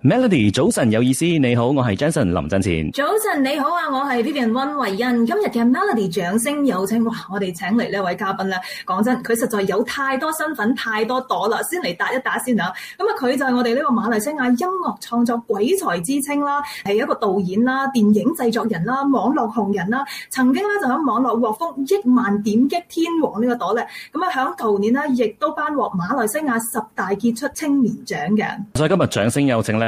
Melody，早晨有意思，你好，我係 Jason 林振前。早晨你好啊，我係 Vivian 維恩。今日嘅 Melody 掌聲有請，哇，我哋請嚟呢位嘉賓咧，講真，佢實在有太多身份，太多朵啦，先嚟打一打先啊。咁啊，佢就係我哋呢個馬來西亞音樂創作鬼才之稱啦，係、啊、一個導演啦、啊、電影製作人啦、啊、網絡紅人啦、啊，曾經咧、啊、就喺網絡獲封億萬點擊天王呢、這個朵咧。咁啊，響、啊、舊年呢，亦、啊、都頒獲馬來西亞十大傑出青年獎嘅。所以今日掌聲有請咧。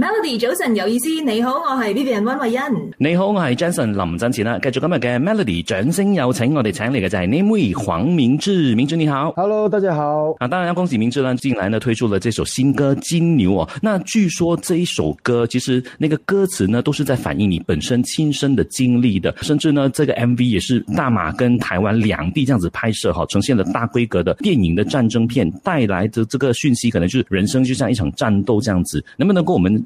Melody 早晨，有意思，你好，我係 Vivian 溫慧欣。你好，我是 Jason 林振前啦。繼續今日嘅 Melody 掌聲有請，我哋請嚟嘅就係 Namewee 黃明志，明志你好。Hello，大家好。啊，當然要恭喜明志呢。近來呢，推出了這首新歌《金牛》哦。那據說這一首歌其實那個歌詞呢，都是在反映你本身親身的經歷的，甚至呢，這個 M V 也是大馬跟台灣兩地這樣子拍攝，哦，哈，呈現了大規格的電影的戰爭片帶來的這個訊息，可能就是人生就像一場戰鬥這樣子，能不能夠我們？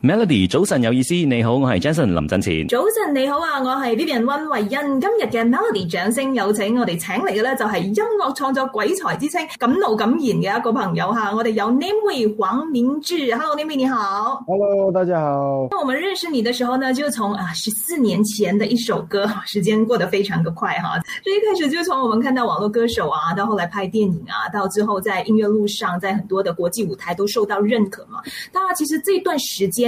Melody，早晨有意思，你好，我係 Jason 林振前。早晨你好啊，我係 Vivian 溫慧欣。今日嘅 Melody 掌聲有請，我哋請嚟嘅咧就係音樂創作鬼才之稱、敢怒敢言嘅一個朋友吓。我哋有 Namewee 黃明志。Hello Namewee 你好，Hello 大家好。當我們認識你的時候呢，就從啊十四年前的一首歌，時間過得非常嘅快哈。最一開始就從我們看到網絡歌手啊，到後來拍電影啊，到之後在音樂路上，在很多的國際舞台都受到認可嘛。當然，其實這段時間。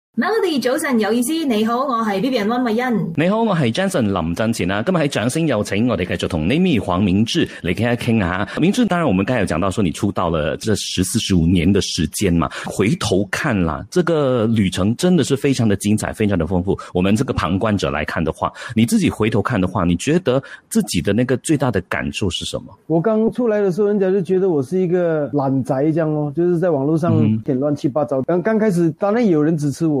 melody 早晨有意思，你好，我係 B B 人溫慧欣，你好，我係 j e n s o n 林振前啊。今日喺掌聲有請，我哋繼續同 Namewee 黃明志嚟傾一傾啊！明志，當然我們剛才有講到，說你出道了這十四、十五年的時間嘛，回頭看啦，這個旅程，真的是非常的精彩，非常的豐富。我們這個旁觀者來看的話，你自己回頭看的話，你覺得自己的那個最大的感受是什麼？我剛出來的時候，人家就覺得我是一個懶宅，這樣咯，就是在網絡上點亂七八糟。嗯、剛剛開始當然有人支持我。